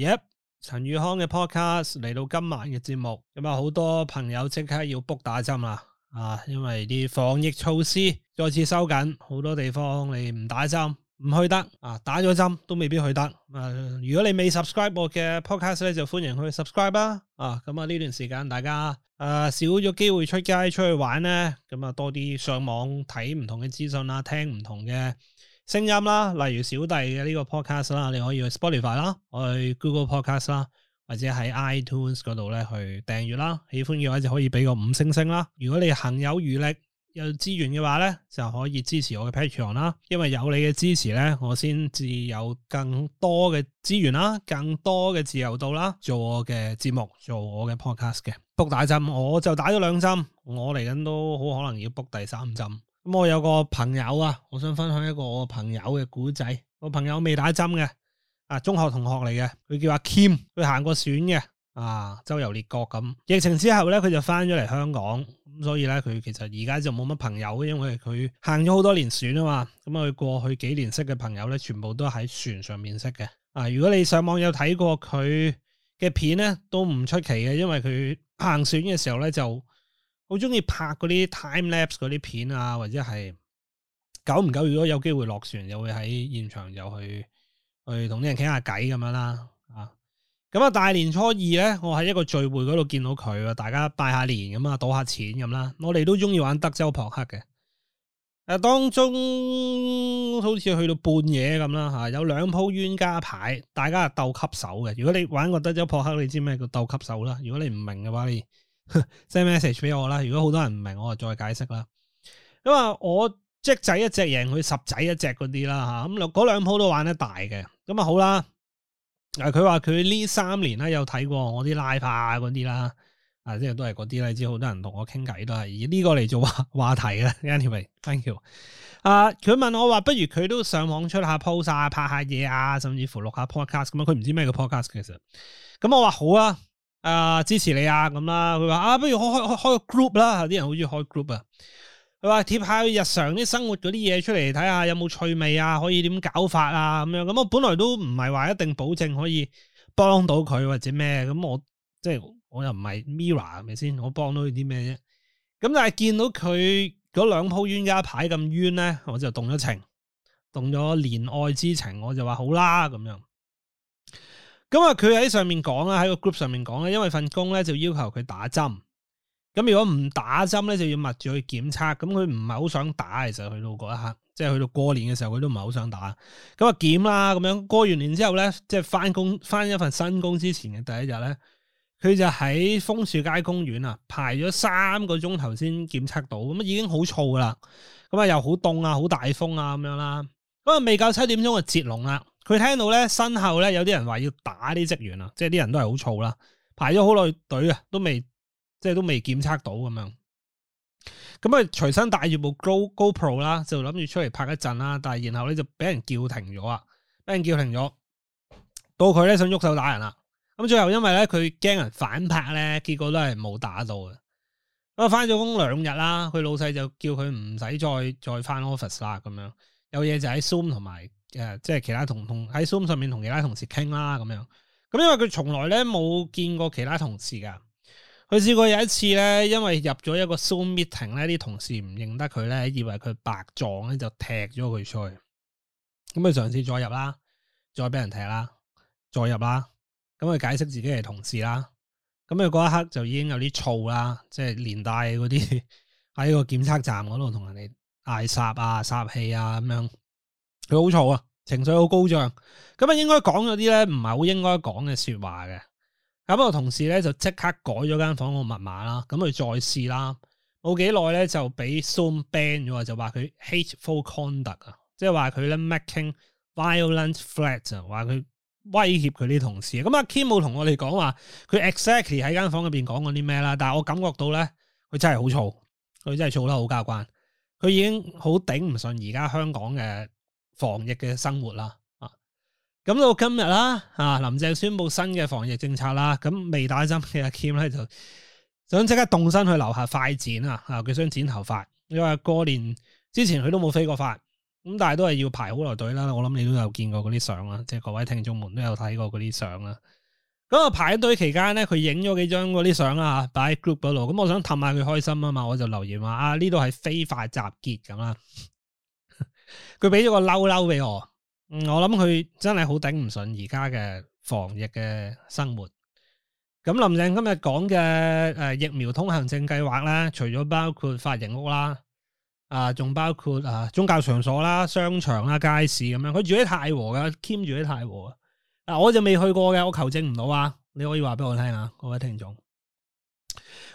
耶！陳宇、yeah, 康嘅 podcast 嚟到今晚嘅節目，咁啊好多朋友即刻要 book 打針啦，啊，因為啲防疫措施再次收緊，好多地方你唔打針唔去得，啊，打咗針都未必去得。啊，如果你未 subscribe 我嘅 podcast 咧，就歡迎去 subscribe 啦，啊，啊，咁啊呢段時間大家誒、啊、少咗機會出街出去玩咧，咁啊多啲上網睇唔同嘅資訊啦，聽唔同嘅。聲音啦，例如小弟嘅呢個 podcast 啦，你可以去 Spotify 啦，去 Google Podcast 啦，或者喺 iTunes 嗰度呢去訂閱啦。喜歡嘅話就可以俾個五星星啦。如果你行有餘力有資源嘅話呢，就可以支持我嘅 Patreon 啦。因為有你嘅支持呢，我先至有更多嘅資源啦，更多嘅自由度啦，做我嘅節目，做我嘅 podcast 嘅。卜打針，我就打咗兩針，我嚟緊都好可能要卜第三針。咁、嗯、我有個朋友啊，我想分享一個我朋友嘅故仔。我朋友未打針嘅，啊中學同學嚟嘅，佢叫阿 Kim，佢行過船嘅，啊周遊列國咁。疫情之後咧，佢就翻咗嚟香港，咁所以咧，佢其實而家就冇乜朋友，因為佢行咗好多年船啊嘛。咁、嗯、佢過去幾年識嘅朋友咧，全部都喺船上面識嘅。啊，如果你上網有睇過佢嘅片咧，都唔出奇嘅，因為佢行船嘅時候咧就。好中意拍嗰啲 time lapse 嗰啲片啊，或者係久唔久，如果有機會落船，又會喺現場又去去同啲人傾下偈咁樣啦。啊，咁啊大年初二咧，我喺一個聚會嗰度見到佢，啊，大家拜下年咁啊，賭下錢咁、啊、啦。我哋都中意玩德州撲克嘅。啊，當中好似去到半夜咁啦、啊、嚇、啊、有兩鋪冤家牌，大家啊鬥級手嘅。如果你玩過德州撲克，你知咩叫鬥級手啦。如果你唔明嘅話，你。send message 俾我啦，如果好多人唔明，我就再解釋啦。咁啊，我隻仔一隻贏佢十仔一隻嗰啲啦吓，咁兩嗰兩鋪都玩得大嘅。咁啊好啦，啊佢話佢呢三年咧有睇過我啲 live 啊嗰啲啦，啊即係都係嗰啲啦，知好多人同我傾偈都係以呢個嚟做話話題啦。Anyway，thank you。啊，佢問我話，不如佢都上網出下 post 啊，拍下嘢啊，甚至乎錄下 podcast 咁樣。佢唔知咩叫 podcast 其實。咁我話好啊。啊、呃！支持你啊，咁啦。佢話啊，不如開開開個 group 啦，啲人好中意開 group 啊。佢話貼下日常啲生活嗰啲嘢出嚟，睇下有冇趣味啊，可以點搞法啊，咁樣。咁我本來都唔係話一定保證可以幫到佢或者咩，咁我即係我又唔係 Mira，係咪先？我幫到佢啲咩啫？咁但係見到佢嗰兩鋪冤家牌咁冤咧，我就動咗情，動咗憐愛之情，我就話好啦，咁樣。咁啊，佢喺、嗯、上面講啦，喺個 group 上面講啦，因為份工咧就要求佢打針。咁如果唔打針咧，就要密住去檢測。咁佢唔係好想打，其實佢都講一下，即、就、係、是、去到過年嘅時候，佢都唔係好想打。咁啊，檢啦，咁樣過完年之後咧，即係返工返一份新工之前嘅第一日咧，佢就喺楓樹街公園啊，排咗三個鐘頭先檢測到，咁啊已經好燥啦。咁啊又好凍啊，好大風啊，咁樣啦。咁啊未夠七點鐘就截龍啦。佢聽到咧，身後咧有啲人話要打啲職員啊，即係啲人都係好燥啦，排咗好耐隊啊，都未即係都未檢測到咁樣。咁啊，隨身帶住部 GoPro 啦，就諗住出嚟拍一陣啦。但係然後咧就俾人叫停咗啊，俾人叫停咗。到佢咧想喐手打人啦，咁最後因為咧佢驚人反拍咧，結果都係冇打到嘅。咁啊，翻咗工兩日啦，佢老細就叫佢唔使再再翻 office 啦，咁樣有嘢就喺 Zoom 同埋。誒，yeah, 即係其他同同喺 Zoom 上面同其他同事傾啦，咁樣。咁因為佢從來咧冇見過其他同事噶。佢試過有一次咧，因為入咗一個 Zoom meeting 咧，啲同事唔認得佢咧，以為佢白撞咧，就踢咗佢出去。咁、嗯、佢嘗試再入啦，再俾人踢啦，再入啦。咁、嗯、佢解釋自己係同事啦。咁佢嗰一刻就已經有啲燥啦，即係連帶嗰啲喺個檢測站嗰度同人哋嗌殺啊、煞氣啊咁樣。佢好燥啊，情緒好高漲，咁啊應該講咗啲咧唔係好應該講嘅説話嘅。咁我同事咧就即刻改咗間房個密碼啦，咁佢再試啦，冇幾耐咧就俾 soon ban 咗，就話佢 hateful conduct 啊，即係話佢咧 making violent threats，話佢威脅佢啲同事。咁阿 Kim 冇同我哋講話佢 exactly 喺間房入邊講過啲咩啦，但係我感覺到咧，佢真係好燥，佢真係燥得好交關，佢已經好頂唔順而家香港嘅。防疫嘅生活啦，啊，咁到今日啦，啊，林鄭宣布新嘅防疫政策啦，咁未打針嘅阿 Kim 咧就想即刻動身去樓下快剪啊，啊，佢想剪頭髮。你話過年之前佢都冇飛過髮，咁但係都係要排好耐隊啦。我諗你都有見過嗰啲相啦，即係各位聽眾們都有睇過嗰啲相啦。咁啊，排隊期間咧，佢影咗幾張嗰啲相啦，擺喺 group 嗰度。咁我想氹下佢開心啊嘛，我就留言話啊呢度係非法集結咁啦。啊佢俾咗個嬲嬲俾我，嗯、我諗佢真係好頂唔順而家嘅防疫嘅生活。咁林鄭今日講嘅誒疫苗通行證計劃咧，除咗包括髮型屋啦，啊、呃、仲包括啊、呃、宗教場所啦、商場啦、街市咁樣。佢住喺太和嘅，Kim 住喺太和啊，我就未去過嘅，我求證唔到啊。你可以話俾我聽啊，各位聽眾。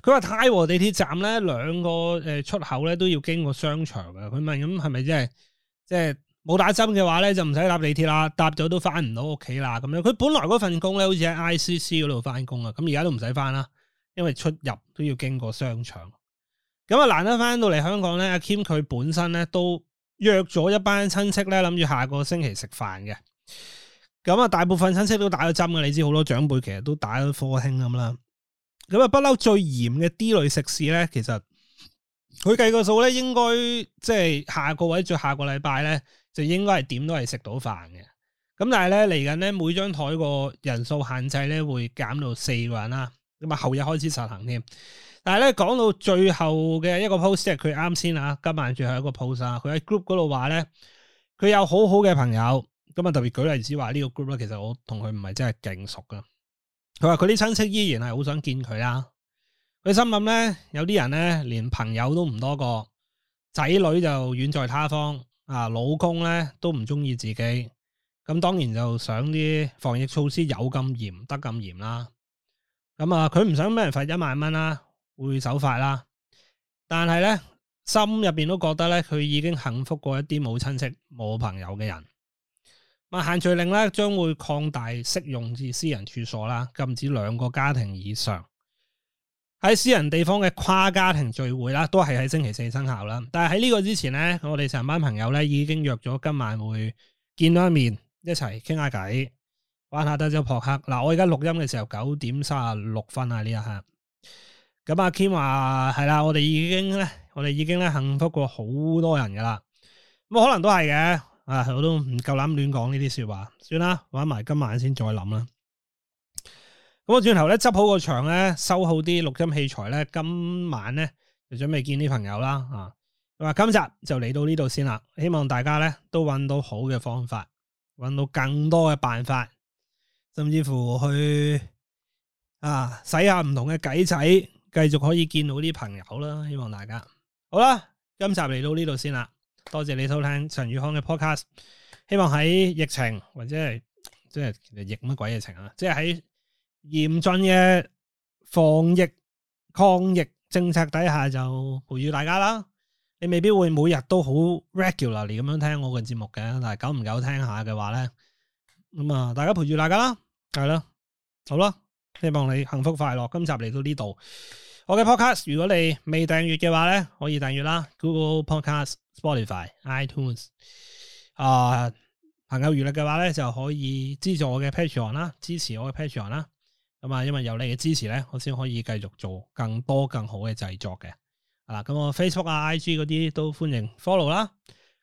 佢話太和地鐵站咧，兩個誒出口咧都要經過商場嘅。佢問咁係咪即係？即係冇打針嘅話咧，就唔使搭地鐵啦，搭咗都翻唔到屋企啦。咁樣，佢本來嗰份工咧，好似喺 ICC 嗰度翻工啊，咁而家都唔使翻啦，因為出入都要經過商場。咁啊，難得翻到嚟香港咧，阿 Kim 佢本身咧都約咗一班親戚咧，諗住下個星期食飯嘅。咁啊，大部分親戚都打咗針嘅，你知好多長輩其實都打咗科興咁啦。咁啊，不嬲最嚴嘅 D 類食肆咧，其實。佢計個數咧，數應該即係下個位，最下個禮拜咧，就應該係點都係食到飯嘅。咁但係咧，嚟緊咧每張台個人數限制咧會減到四個人啦。咁啊，後日開始實行添。但係咧，講到最後嘅一個 post，即係佢啱先啊，今晚最後一個 post 啊，佢喺 group 嗰度話咧，佢有好好嘅朋友。咁啊，特別舉例子話呢、這個 group 咧，其實我同佢唔係真係勁熟噶。佢話佢啲親戚依然係好想見佢啊。佢心諗咧，有啲人咧連朋友都唔多個，仔女就遠在他方，啊，老公咧都唔鍾意自己，咁、啊、當然就想啲防疫措施有咁嚴，得咁嚴啦。咁啊，佢唔想俾人罰一萬蚊啦，會守法啦。但係咧，心入邊都覺得咧，佢已經幸福過一啲冇親戚、冇朋友嘅人。啊，限聚令咧將會擴大適用至私人處所啦，禁止兩個家庭以上。喺私人地方嘅跨家庭聚會啦，都係喺星期四生效啦。但係喺呢個之前咧，我哋成班朋友咧已經約咗今晚會見多一面，一齊傾下偈，玩下德州撲克。啊、我而家錄音嘅時候九點三十六分啊，呢一刻。咁、啊、阿 Kim 話係啦，我哋已經咧，我哋已經咧，幸福過好多人噶啦。咁可能都係嘅，啊，我都唔夠膽亂講呢啲說話，算啦，玩埋今晚先再諗啦。咁我轉頭咧，執好個場咧，收好啲錄音器材，今晚就準備見啲朋友啦啊！咁今集就嚟到呢度先啦，希望大家都揾到好嘅方法，揾到更多嘅辦法，甚至乎去啊，使下唔同嘅計仔，繼續可以見到啲朋友啦。希望大家好啦，今集嚟到呢度先啦，多謝你收聽陳宇康嘅 podcast，希望喺疫情或者係即係疫乜鬼嘅情啊，即係喺，嚴峻嘅防疫抗疫政策底下，就陪住大家啦。你未必會每日都好 regularly 咁樣聽我嘅節目嘅，但係久唔久聽下嘅話咧，咁、嗯、啊，大家陪住大家啦，係啦，好啦，希望你幸福快樂。今集嚟到呢度，我嘅 podcast，如果你未訂閱嘅話咧，可以訂閱啦。Google Podcast Spotify、Spotify、iTunes，啊，朋友餘力嘅話咧，就可以資助我嘅 Patreon 啦，支持我嘅 Patreon 啦。因為有你嘅支持，我先可以繼續做更多更好嘅製作嘅。啊，咁我 Facebook 啊、IG 嗰啲都歡迎 follow 啦。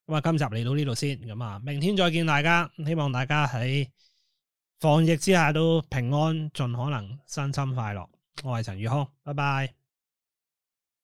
咁啊，今集嚟到呢度先，咁啊，明天再見大家，希望大家喺防疫之下都平安，盡可能身心快樂。我係陳宇康，拜拜。